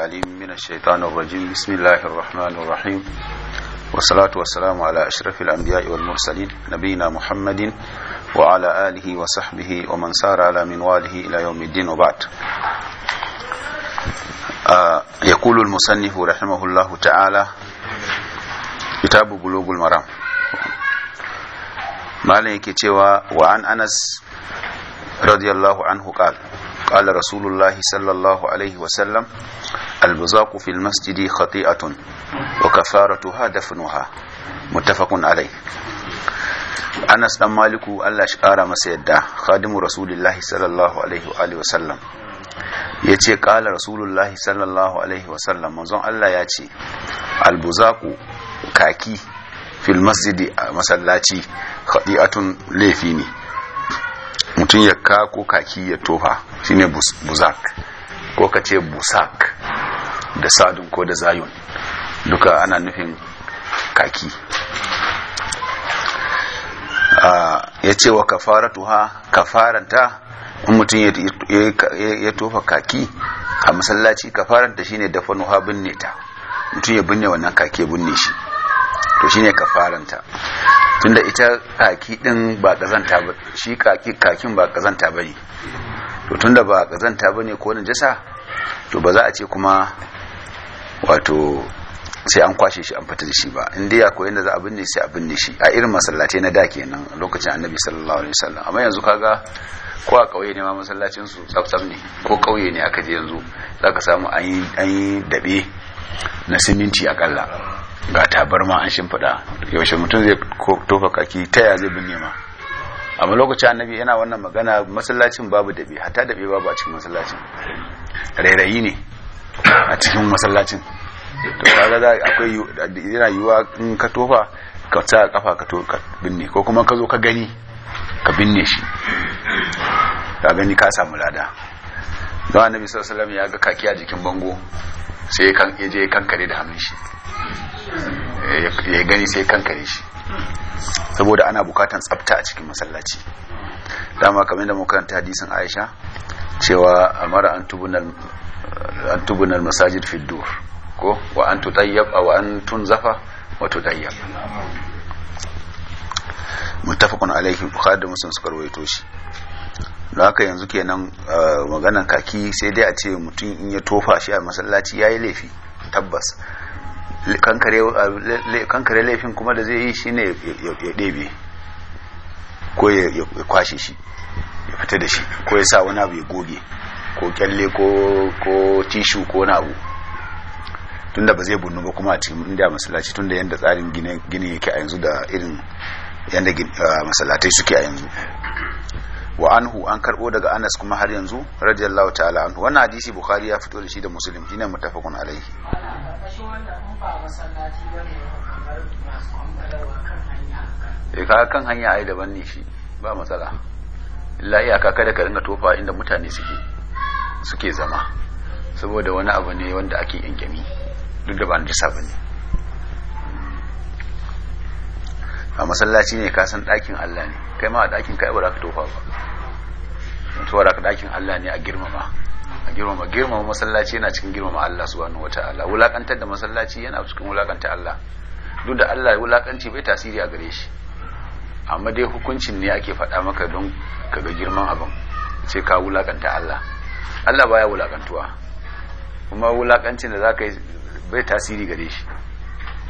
العليم من الشيطان الرجيم بسم الله الرحمن الرحيم والصلاة والسلام على أشرف الأنبياء والمرسلين نبينا محمد وعلى آله وصحبه ومن سار على منواله إلى يوم الدين وبعد آه يقول المصنف رحمه الله تعالى كتاب بلوغ المرام مالك تيوى وعن أنس رضي الله عنه قال قال رسول الله صلى الله عليه وسلم البزاق في المسجد wa. وكفارتها دفنها متفق عليه Anas dan Maliku Allah shi kara masa yadda khadimu Rasulullahi sallallahu alaihi wa alihi wasallam yace qala Rasulullahi sallallahu alaihi sallam. manzon Allah ya ce albuzaku kaki fil masjidi a masallaci khadi'atun laifi ne mutum ya ko kaki ya tofa shine buzak ko kace busak da sadun ko da zayun duka ana nufin kaki ya ce wa kafaratuha kafaranta in mutum ya tofa kaki a masallaci kafaranta shine dafanuha binne ta mutum ya binne wannan kake binne shi to shine kafaranta tunda ita kaki din ba kazanta ba shi kaki kakin ba kazanta ba ne to tunda ba kazanta ba ne ko najasa to ba za a ce kuma wato sai an kwashe shi an fita da shi ba in dai akwai koyi za a binne sai a binne shi a irin masallatai na da kenan lokacin annabi sallallahu alaihi wasallam amma yanzu kaga ko a kauye ne ma masallacin su tsaftsaf ne ko kauye ne aka je yanzu zaka samu an yi an yi dabe na siminti a kalla ga tabarma an shimfiɗa yaushe mutum zai tofa kaki ta ya zai binne ma amma lokacin annabi yana wannan magana masallacin babu dabe hatta dabe babu a cikin masallacin rairayi ne a cikin masallacin to kaga da akwai yana yiwa in ka tofa ka sa kafa ka binne ko kuma ka zo ka gani ka binne shi ka gani ka samu lada don annabi sallallahu alaihi ya ga kaki a jikin bango sai ya kan je kankare da hannun shi eh, ya gani sai kankare shi saboda ana bukatan tsafta a cikin masallaci dama kamar da muka karanta hadisin Aisha cewa amara an an tubuna masajid fi dur ko wa an tutayyab aw an tunzafa wa tudayyab muttafaqun alayhi bukhari da muslim suka rawaito shi don haka yanzu kenan maganan kaki sai dai a ce mutum in ya tofa shi a masallaci yayi laifi tabbas kankare laifin kuma da zai yi shi ne ya ɗebe ko ya kwashe shi ya fita da shi ko ya sa wani abu ya goge ko kyalle ko tishu ko na abu tunda ba zai bunnu ba kuma a cikin inda masallaci tunda yadda tsarin gini yake a yanzu da irin yadda ah, masallatai suke a yanzu wa anhu an karbo daga Anas kuma har yanzu radiyallahu ta'ala anhu wannan hadisi bukhari ya fito da shi da muslim shine muttafaqun alaihi E, eh, ka kan hanya ai daban ne shi ba matsala illa iyaka kada ka ringa tofa inda mutane suke suke zama saboda wani abu ne wanda ake yankami duk da ba na jisa ba ne a masallaci ne ka san ɗakin Allah ne kai ma a ɗakin ka ba za ka tofa ba mutuwa da ka ɗakin Allah ne a girmama a girmama girmama masallaci yana cikin girmama Allah su wani wata allah wulakantar da masallaci yana cikin wulakanta Allah duk da Allah wulakanci bai tasiri a gare shi amma dai hukuncin ne ake faɗa maka don kaga girman abin sai ka wulakanta Allah Allah baya wulakantuwa kuma wulakancin da za ka yi bai tasiri gare shi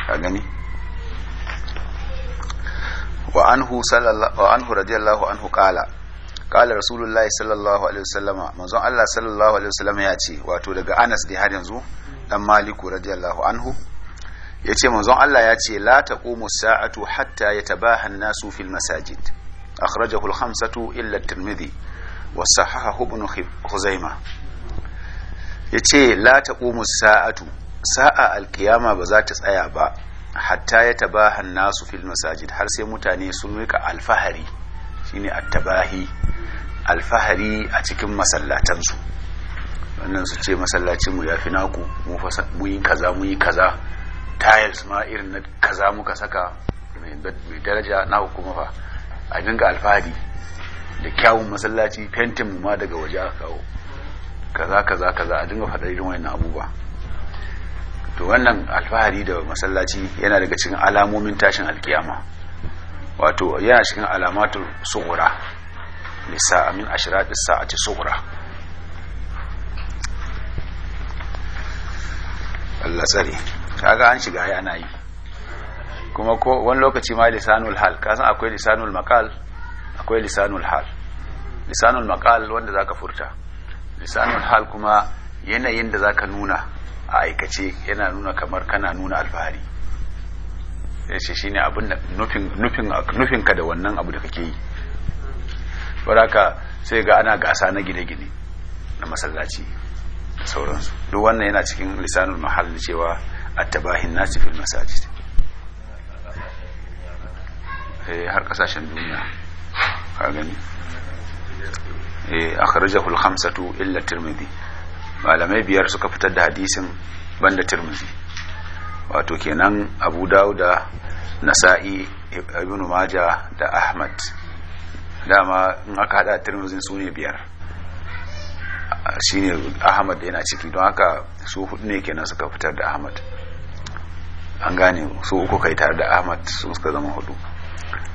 ka gani wa anhu radiyallahu anhu kala kala rasulullah sallallahu alaihi wasallama manzon Allah sallallahu alaihi wasallama ya ce wato daga Anas da har yanzu dan Maliku radiyallahu anhu ya ce manzon Allah ya ce la taqumu sa'atu hatta yatabaha an-nasu fil masajid akhrajahu al-khamsatu illa at-tirmidhi wa sahahahu ibn khuzaima yace la taqumu sa'atu sa'a alkiyama ba za ta tsaya ba hatta ya tabaha nasu fil masajid har sai mutane sun rika alfahari shine attabahi alfahari a cikin masallatansu wannan su ce masallacin mu yafi naku mu yi kaza mu yi kaza tiles ma irin na kaza muka saka mai daraja na kuma fa a dinga alfahari da kyawun masallaci fentin mu ma daga waje aka kawo kaza kaza kaza a dinga faɗa irin wannan abubuwa to wannan alfahari da masallaci yana daga cikin alamomin tashin alkiyama wato yana cikin alamatul sughra lisa amin as sa'ati sughra Allah sare kaga an shiga yana yi kuma ko wani lokaci ma lisanul hal kasan akwai lisanul maqal akwai lisanul hal lisanul maqal wanda zaka furta lisanul hal kuma yanayin da zaka nuna a aikace yana nuna kamar kana nuna alfahari yace shine abin da nufin nufin nufin ka da wannan abu da kake yi baraka sai ga ana gasa na gine-gine na masallaci da sauransu duk wannan yana cikin lisanul mahal cewa attabahin nasi fil masajid eh, har kasashen duniya ka gani eh akhrajahu al illa tirmidhi malamai biyar suka fitar da hadisin banda tirmidhi wato kenan abu dauda nasa'i ibnu majah da ahmad dama in aka hada su ne biyar shine ahmad yana ciki don haka su hudu ne kenan suka fitar da ahmad an gane su uku kai tare da ahmad su suka zama hudu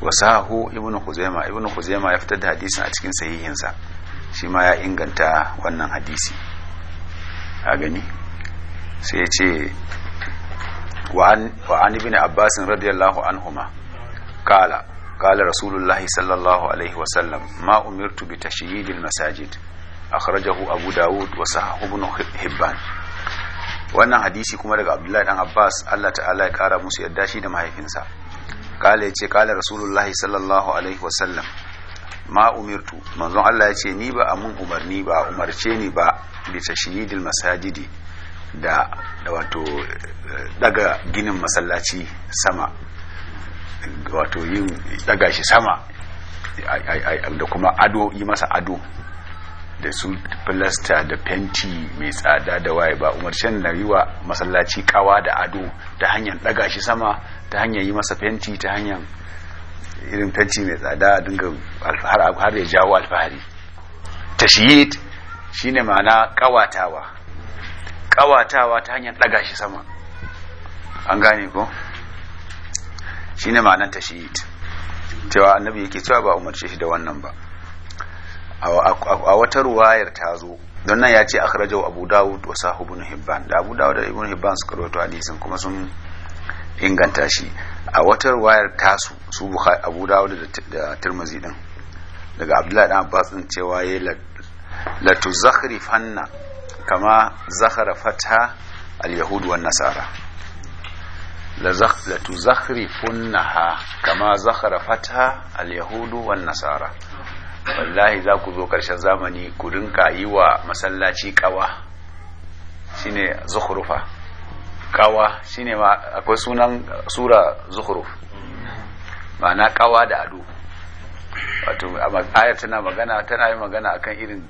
wasahu ibnu huzaima ibnu ya fitar da hadisin a cikin sahihinsa shi ma ya inganta wannan hadisi a gani sai ya ce wa an ibn abbas radiyallahu anhuma kala kala rasulullah sallallahu alaihi wa sallam ma umirtu bi tashyidil masajid akhrajahu abu da'ud wa sahahu ibn hibban wannan hadisi kuma daga abdullahi dan abbas Allah ta'ala ya kara musu yadda shi da mahaifinsa kala ce kala rasulullahi sallallahu alaihi wasallam ma umirtu manzon Allah yace ni ba amun umarni ba umarce ni ba bisa tashyidil masajidi da da wato daga ginin masallaci sama wato yin daga shi sama da kuma ado yi masa ado da su filasta da fenti mai tsada da waye ba umarcen na yi wa masallaci kawa da ado ta hanyar daga shi sama ta hanyar yi masa fenti ta hanyar irin fenti mai tsada a dinga har ya jawo alfahari ta shi shine ma'ana kawatawa kawatawa ta hanyar daga shi sama an gane ko shine ma'anar tashiyit cewa annabi yake cewa ba umarce shi da wannan ba a wata ruwayar ta zo don nan ya ce akhrajau abu dawud wasa sahibu hibban da abu dawud da ibn hibban suka rawaito hadisin kuma sun inganta shi a watar wayar tasu su abu dawud da turmuzi din daga abdullahi dan abbas din cewa ya la fanna kama zakhara fata al-yahud wan nasara la tuzakhrifunnaha kama zakhara fata al-yahud wan nasara wallahi za ku zo karshen zamani ku rinka yi wa masallaci kawa shine zukhrufa kawa shine ma akwai sunan sura zuhruf ma'ana kawa da ado wato ayar tana magana tana yi magana akan irin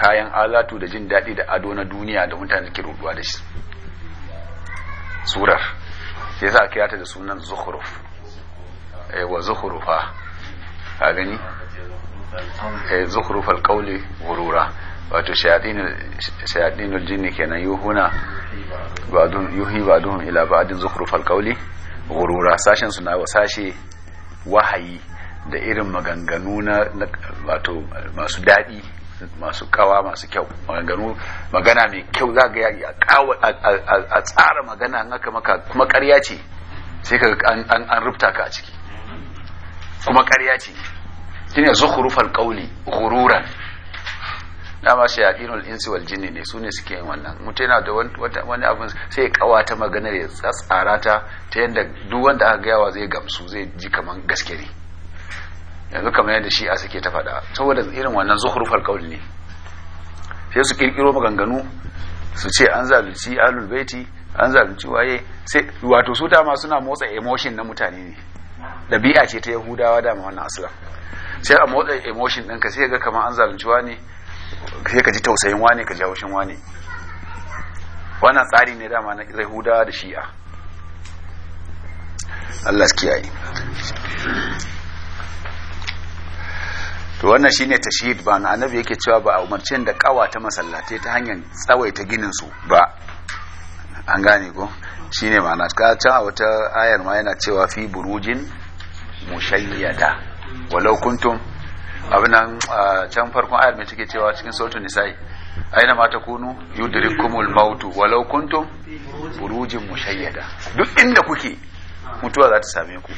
kayan alatu da jin daɗi da ado na duniya da mutane ke rubuwa da shi surar sai sa kira ta da sunan zuhruf eh wa zuhrufa a gani eh zuhruf alqawli wato shayadinul jini kenan yuhuna ba'dun yuhi ba'dun ila ba'din zukhrufal qawli gurura sashen suna wa sashe wahayi da irin maganganu na wato masu daɗi masu kawa masu kyau maganganu magana mai kyau za ga a tsara magana an haka maka kuma ƙarya ce sai ka an rubta ka a ciki kuma ƙarya ce shine zukhrufal qawli gururan. dama shayatinul insi wal jini ne su ne suke yin wannan mutum yana da wani abin sai ya kawata maganar ya tsatsara ta ta yadda duk wanda aka gaya wa zai gamsu zai ji kaman gaske ne yanzu kamar yadda shi a suke ta faɗa saboda irin wannan zuhurfar kawul ne sai su kirkiro maganganu su ce an zalunci alul baiti an zalunci waye sai wato su dama suna motsa emotion na mutane ne dabi'a ce ta yahudawa dama wannan aslan sai a motsa emotion ɗinka sai ga kamar an zalunci ne. sai ka ji tausayin wane ka ji haushin wane wannan tsari ne dama na yahuda da shi'a Allah kiyaye to wannan shine tashhid ba na annabi yake cewa ba a umarcin da kawa ta masallatai ta hanyar tsawaita ginin su ba an gane ko shine ma'ana ka can a wata ayar ma yana cewa fi burujin mushayyada walau kuntum abin nan can farkon ayar mai cike cewa cikin sautin nisa'i aina ma Kunu yudrikumul mautu walau kuntum burujin mushayyada duk inda kuke mutuwa za ta same ku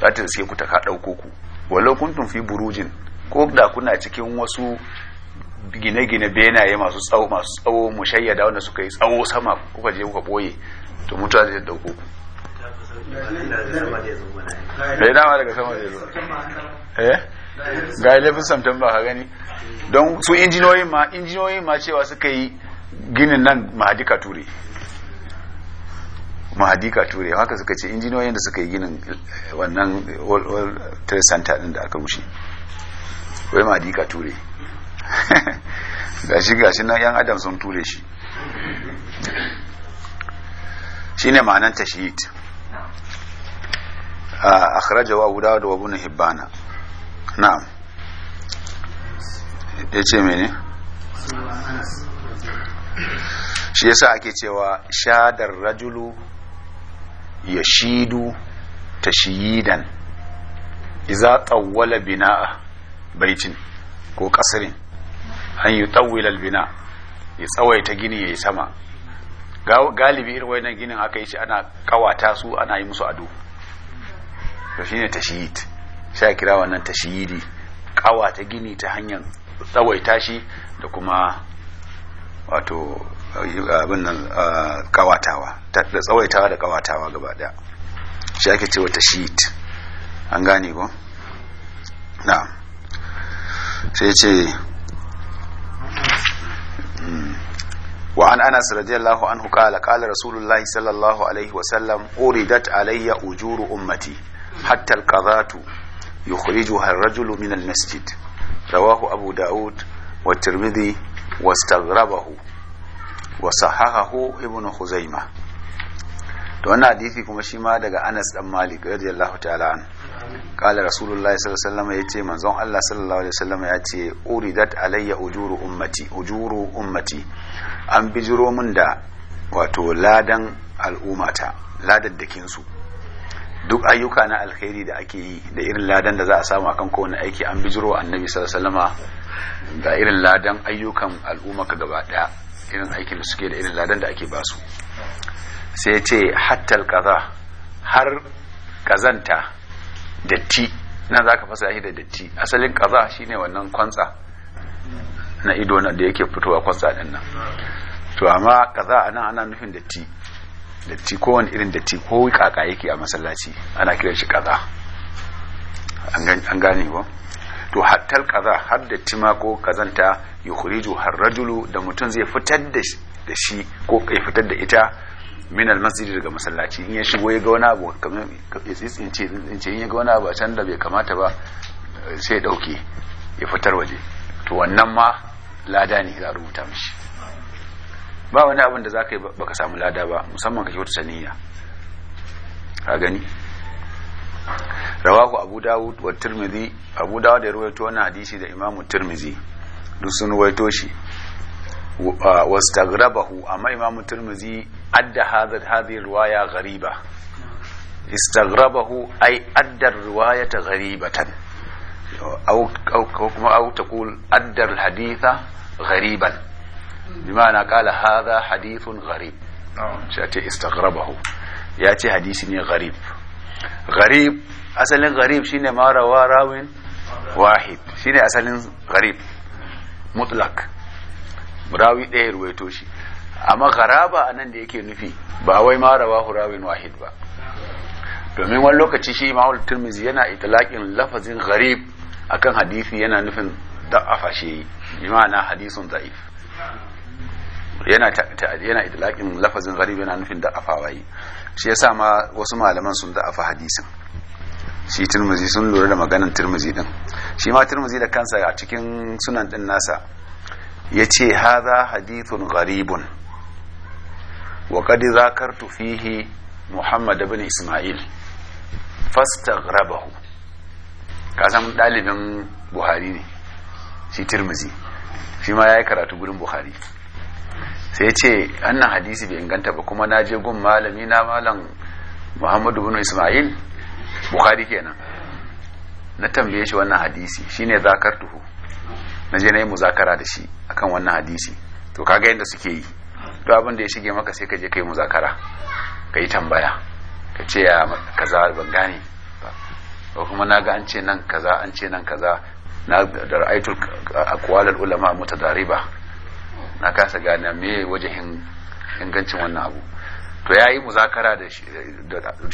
za ta sai ku ta ka dauko ku walau kuntum fi burujin ko da kuna cikin wasu gine-gine benaye masu tsawo masu tsawo mushayyada wanda suka yi tsawo sama kuka je kuka boye to mutuwa zai dauko ku da dama daga sama zai zo eh ga 11 september ka gani don su injiniyoyin ma injiniyoyin ma cewa suka yi ginin nan mahadi ture mahadi ture haka suka ce injiniyoyin da suka yi ginin eh, wannan world trade center din da aka rushe wai mahadi ture gashi gashi nan yan adam sun ture shi shine ma'anan tashhid akhrajahu wa dawud wa ibn hibbana na'am ya ce mene shi yasa ake cewa shadar rajulu ya shidu ta shiyidan iza tsawwala a baitin ko kasirin an yi tsawwilal bina ya tsawaita gini ya yi sama galibi irin wannan ginin aka yi shi ana kawata su ana yi musu ado to ta shihid. sha kira wannan tashiri kawa ta gini ta hanyar tsawaita shi da kuma wato abin nan kawatawa da tsawaitawa da kawatawa gaba daya shi ake cewa sheet an gane ko na sai ce وعن أنس رضي الله عنه قال قال رسول الله صلى الله عليه وسلم أوردت علي ujuru, أمتي حتى القضاة yukhrijuha ar-rajulu min al-masjid rawahu abu daud wa tirmidhi wastaghrabahu wa sahahahu ibnu khuzaimah to wannan hadisi kuma shi ma daga Anas ɗan Malik radiyallahu ta'ala an qala rasulullahi sallallahu alaihi wasallam yace manzon Allah sallallahu alaihi wasallam yace uridat alayya ujuru ummati ujuru ummati an bijiro mun da wato ladan al'ummata ladaddakin su duk ayyuka na alkhairi da ake yi da irin ladan da za a samu akan kowane aiki an bijiro annabi sallallahu da irin ladan ayyukan al'umma ka gaba daya irin aikin da suke da irin ladan da ake basu sai ce hatta kaza har kazanta datti na zaka fasa shi da datti asalin kaza shine wannan kwantsa na ido na da yake fitowa kwantsa din nan to amma kaza anan ana nufin datti datti wani irin datti ko kaka yake a masallaci ana kiran shi kaza an gane ba to hattar kaza har datti ma ko kazanta yukhriju har rajulu da mutum zai fitar da shi ko kai fitar da ita min almasjid daga masallaci in ya shigo ya ga wani abu kamar ce in ya ga wani abu a can da bai kamata ba sai ya dauke ya fitar waje to wannan ma lada ne za a rubuta mishi ba wani abin da za ka yi baka samu lada ba musamman ka ke wata saniya ka gani rawahu abu dawud wa turmizi abu dawud ya ruwaito wani hadisi da imamu turmizi duk sun ruwaito shi wa staghrabahu amma imamu turmizi adda hadha hadhihi riwaya ghariba istaghrabahu ay adda riwayata gharibatan aw kuma aw taqul adda al haditha ghariban bi kala qala hadha hadithun gharib sai ce ya ce hadisi ne gharib gharib asalin gharib shine ma rawin wahid shine asalin gharib mutlak rawi ɗaya ruwaito shi amma gharaba nan da yake nufi ba wai ma rawin wahid ba domin wani lokaci shi imamul turmizi yana itlaqin lafazin gharib akan hadisi yana nufin da'afa shi bi ma'ana hadisun za'if. yana yana idlaqin lafazin gharib yana nufin da afawai shi yasa ma wasu malaman sun da afa hadisin shi tirmizi sun lura da maganin tirmizi din shi ma tirmizi da kansa a cikin sunan din nasa ya ce haza hadithun gharibun wa kadi zakartu fihi muhammad ibn isma'il fastaghrabahu ka san dalibin buhari ne shi tirmizi shi ma ya yi karatu gudun buhari sai ce annan hadisi bai inganta ba kuma na je gun malami na malam muhammadu bin ismail buhari kenan na tambaye shi wannan hadisi shi shine zakartuhu na je na yi muzakara da shi akan wannan hadisi to kaga yadda suke yi to abin da ya shige maka sai ka je ka yi muzakara ka yi tambaya ka ce ya kaza ban gane ba kuma na ga an ce nan kaza an ce nan kaza na da ra'aitul aqwalul ulama mutadariba na kasa gane me wajehin ingancin wannan abu to yayi muzakara da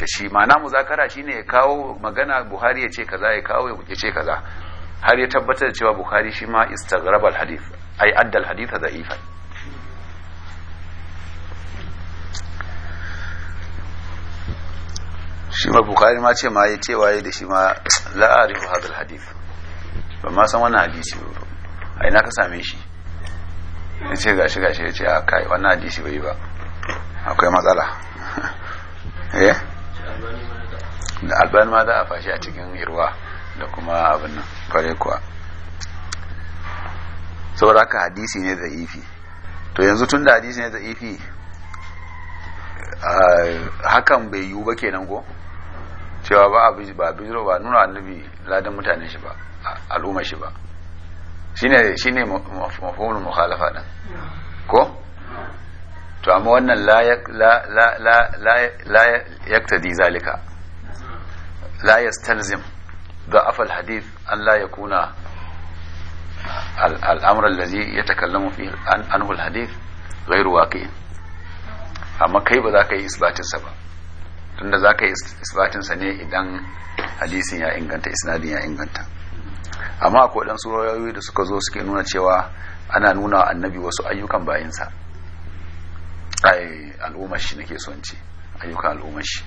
shi na muzakara shine ya kawo magana Buhari ya ce kaza ya kawo ya ce kaza har ya tabbatar da cewa Buhari shi ma istagrabal hadith ai addal hadith da'ifa shi ma bukari ma ce ma ya ce waye da shi ma la'arifu hadal hadith ban ma san wannan hadisi ba a ina ka same shi in ce gashi gashi ya ce a kai wannan hadisi bai ba akwai matsala eh da albani ma za a fashi a cikin irwa da kuma abin nan kware kuwa saboda haka hadisi ne da ifi to yanzu tun da hadisi ne da ifi hakan bai yiwu ba kenan ko cewa ba a bijiro ba nuna annabi ladan mutane shi ba al'umma shi ba shine shine mafhumul mukhalafa din ko to amma wannan la la la la yaktadi zalika la yastalzim ضعف الحديث أن لا يكون الأمر الذي يتكلم فيه عنه الحديث غير واقع amma kai ba za ka yi isbatinsa ba tunda za ka yi isbatinsa ne idan hadisin ya inganta isnadin ya inganta amma akwai dan surayoyi da suka zo suke nuna cewa ana nuna annabi wasu ayyukan bayinsa ai al'ummar shi nake son ce ayyukan al'ummar shi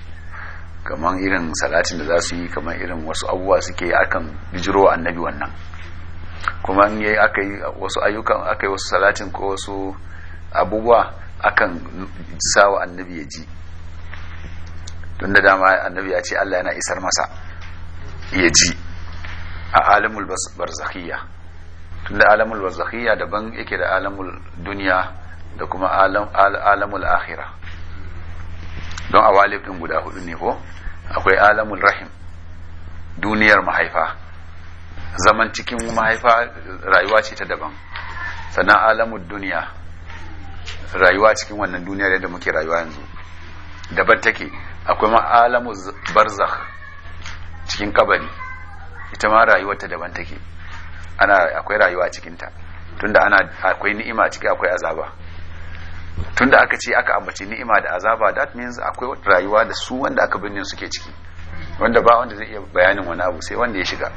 kamar irin salatin da za su yi kamar irin wasu abubuwa suke akan bijiro annabi wannan kuma in yayi aka yi wasu ayyukan aka yi wasu salatin ko wasu abubuwa akan sawa annabi ya ji tunda dama annabi ya ce Allah yana isar masa ya ji a alamul barzakhiyya tunda alamul barzakhiyya daban yake da alamul duniya da kuma alamul akhira don awalif din guda hudu ne ko akwai alamul rahim duniyar mahaifa zaman cikin mahaifa rayuwa ce ta daban sannan alamul duniya rayuwa cikin wannan duniya yadda muke rayuwa yanzu daban take akwai ma alamul barzakh cikin kabari ita ma rayuwarta daban take ana akwai rayuwa cikinta tunda ana akwai ni'ima ciki akwai azaba tunda aka ce aka ambaci ni'ima da azaba that means akwai rayuwa da su wanda aka binne suke ciki wanda ba wanda zai iya bayanin wani abu sai wanda ya shiga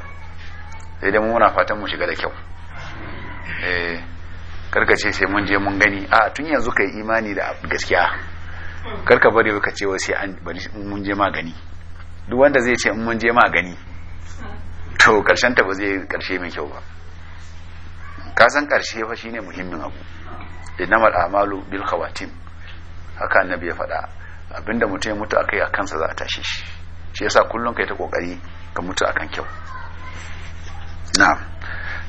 sai dai muna fatan mu shiga da kyau eh karkace sai mun je mun gani a tun yanzu kai imani da gaskiya karka bari ka ce wai sai an bari mun je magani duk wanda zai ce mun je magani. to karshen ta ba zai karshe mai kyau ba ka san karshe fa shine muhimmin abu innamal a'malu bil khawatim haka annabi ya faɗa abinda mutum ya mutu akai a kansa za a tashi shi shi yasa kullum kai ta kokari ka mutu akan kyau na'am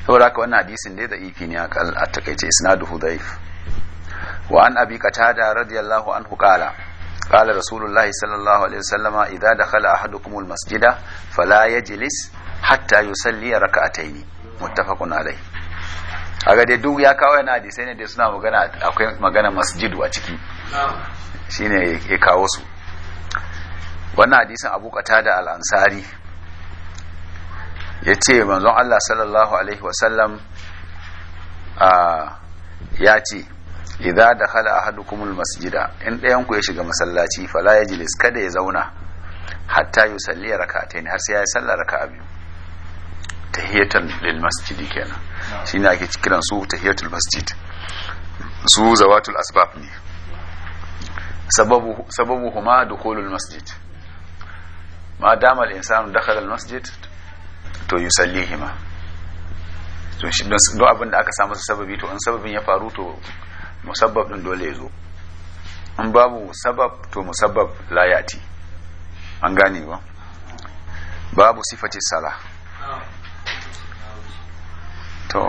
saboda haka wannan hadisin dai da ifi ne a takaice isnaduhu dhaif wa an abi qatada radiyallahu anhu qala قال رسول الله صلى الله عليه وسلم إذا دخل أحدكم المسجد فلا يجلس hatta yusalli raka'ataini muttafaqun alaihi A dai duk ya kawo yana hadisai ne dai suna magana akwai magana masjidu a ciki shine ya kawo su wannan hadisin Abu Qatada al-Ansari yace manzon Allah sallallahu alaihi wasallam ya ce idza dakhala ahadukumul masjida in ɗayan ku ya shiga masallaci fala yajlis kada ya zauna hatta yusalli rak'atayn har sai ya yi sallar raka'a biyu tahiyatan lil masjidi kenan shine ake kiran su tahiyatul masjid su zawatul asbab ne sababu sababu huma dukhulul masjid ma dama al insan dakhala al masjid to yusallihima to shi don abin da aka samu sababi to in sababin ya faru to musabbab din dole ya zo in babu sabab to musabbab la yati an gane ba babu sifati salah to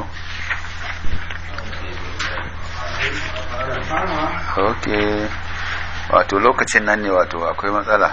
ok wato lokacin nan ne wato akwai matsala